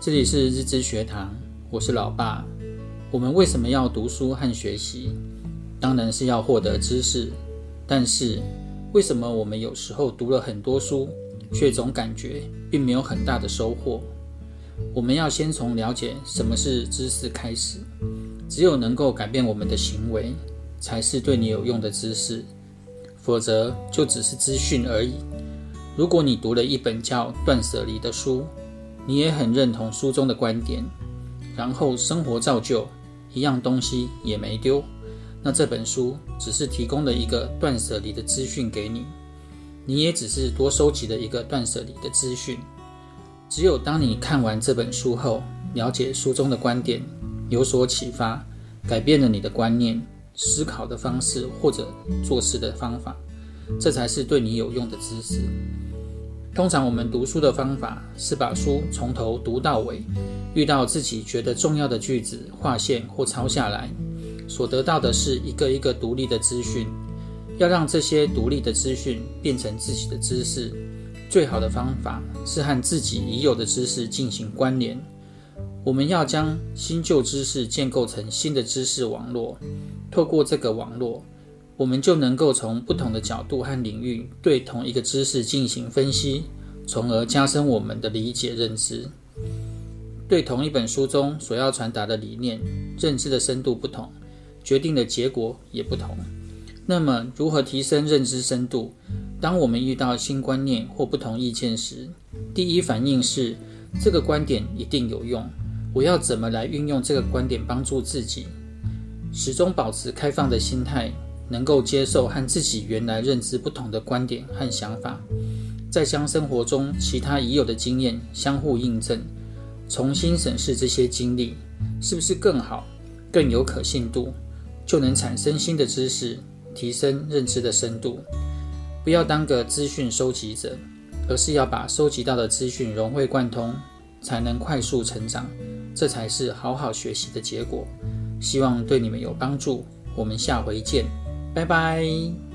這裡是日知學堂，我是老爸。我們為什麼要讀書和學習？當然是要獲得知識。但是，為什麼我們有時候讀了很多書，卻總感覺並沒有很大的收穫？我們要先從了解什麼是知識開始。只有能夠改變我們的行為，才是對你有用的知識，否則就只是資訊而已。如果你讀了一本叫《斷捨離》的書，你也很認同書中的觀點，然後生活照舊，一樣東西也沒丟。那這本書只是提供了一個斷捨離的資訊給你，你也只是多收集了一個斷捨離的資訊。只有當你看完這本書後，了解書中的觀點，有所啟發，改變了你的觀念、思考的方式或者做事的方法，這才是對你有用的知識。通常我們讀書的方法是把書從頭讀到尾，遇到自己覺得重要的句子劃線或抄下來，所得到的是一個一個獨立的資訊。要讓這些獨立的資訊變成自己的知識，最好的方法是和自己已有的知識進行關聯。我們要將新舊知識建構成新的知識網絡，透過這個網絡，我們就能夠從不同的角度和領域對同一個知識進行分析，從而加深我們的理解認知。對同一本書中所要傳達的理念，認知的深度不同，決定的結果也不同。那麼，如何提升認知深度？當我們遇到新觀念或不同意見時，第一反應是這個觀點一定有用，我要怎麼來運用這個觀點幫助自己？始終保持開放的心態。能夠接受和自己原來認知不同的觀點和想法，再將生活中其他已有的經驗相互印證，重新審視這些經歷是不是更好、更有可信度，就能產生新的知識，提升認知的深度。不要當個資訊收集者，而是要把收集到的資訊融會貫通，才能快速成長。這才是好好學習的結果。希望對你們有幫助。我們下回見。拜拜。